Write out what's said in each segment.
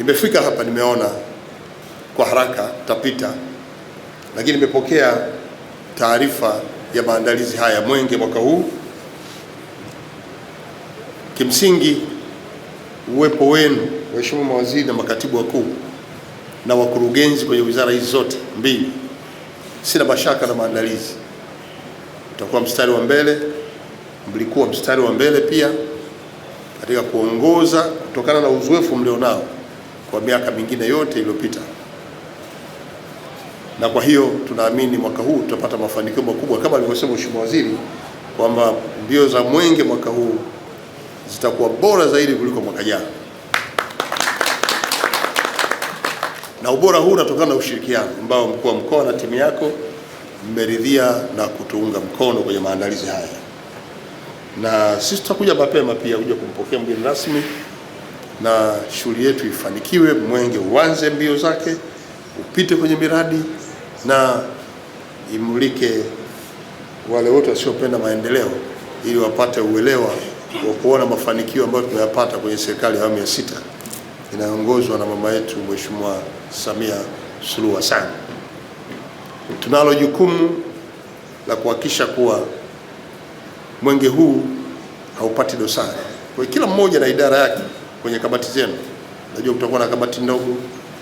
Nimefika hapa nimeona kwa haraka tapita, lakini nimepokea taarifa ya maandalizi haya Mwenge mwaka huu. Kimsingi uwepo wenu waheshimiwa mawaziri na makatibu wakuu na wakurugenzi kwenye wizara hizi zote mbili, sina mashaka na maandalizi, mtakuwa mstari wa mbele, mlikuwa mstari wa mbele pia katika kuongoza kutokana na uzoefu mlionao kwa miaka mingine yote iliyopita, na kwa hiyo tunaamini mwaka huu tutapata mafanikio makubwa kama alivyosema Mheshimiwa Waziri kwamba mbio za mwenge mwaka huu zitakuwa bora zaidi kuliko mwaka jana, na ubora huu unatokana na ushirikiano ambao mkuu wa mkoa na timu yako mmeridhia na kutuunga mkono kwenye maandalizi haya, na sisi tutakuja mapema pia kuja kumpokea mgeni rasmi na shughuli yetu ifanikiwe. Mwenge uanze mbio zake, upite kwenye miradi na imulike wale wote wasiopenda maendeleo, ili wapate uelewa wa kuona mafanikio ambayo tumeyapata kwenye serikali ya awamu ya sita inayoongozwa na mama yetu Mheshimiwa Samia Suluhu Hassan. Tunalo jukumu la kuhakikisha kuwa mwenge huu haupati dosari. Kwa kila mmoja na idara yake kwenye kabati zenu. Najua kutakuwa na kabati ndogo,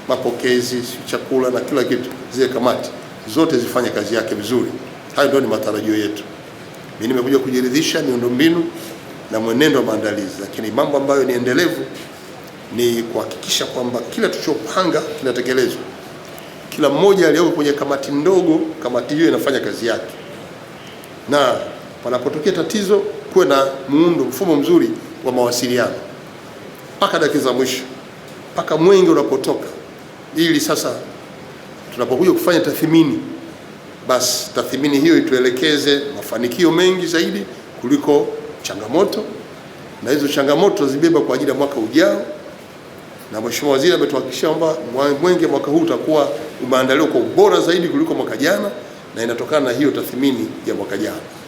mapokezi, chakula na kila kitu. Zile kamati zote zifanye kazi yake vizuri. Hayo ndio ni matarajio yetu. Mimi nimekuja kujiridhisha miundombinu na mwenendo wa maandalizi, lakini mambo ambayo ni endelevu ni kuhakikisha kwamba kila tulichopanga kinatekelezwa. Kila mmoja aliyoko kwenye kamati ndogo, kamati hiyo inafanya kazi yake, na panapotokea tatizo, kuwe na muundo, mfumo mzuri wa mawasiliano mpaka dakika za mwisho, mpaka mwenge unapotoka, ili sasa tunapokuja kufanya tathmini, basi tathmini hiyo ituelekeze mafanikio mengi zaidi kuliko changamoto, na hizo changamoto zibeba kwa ajili ya mwaka ujao. Na Mheshimiwa Waziri ametuhakikishia kwamba mwenge mwaka huu utakuwa umeandaliwa kwa ubora zaidi kuliko mwaka jana, na inatokana na hiyo tathmini ya mwaka jana.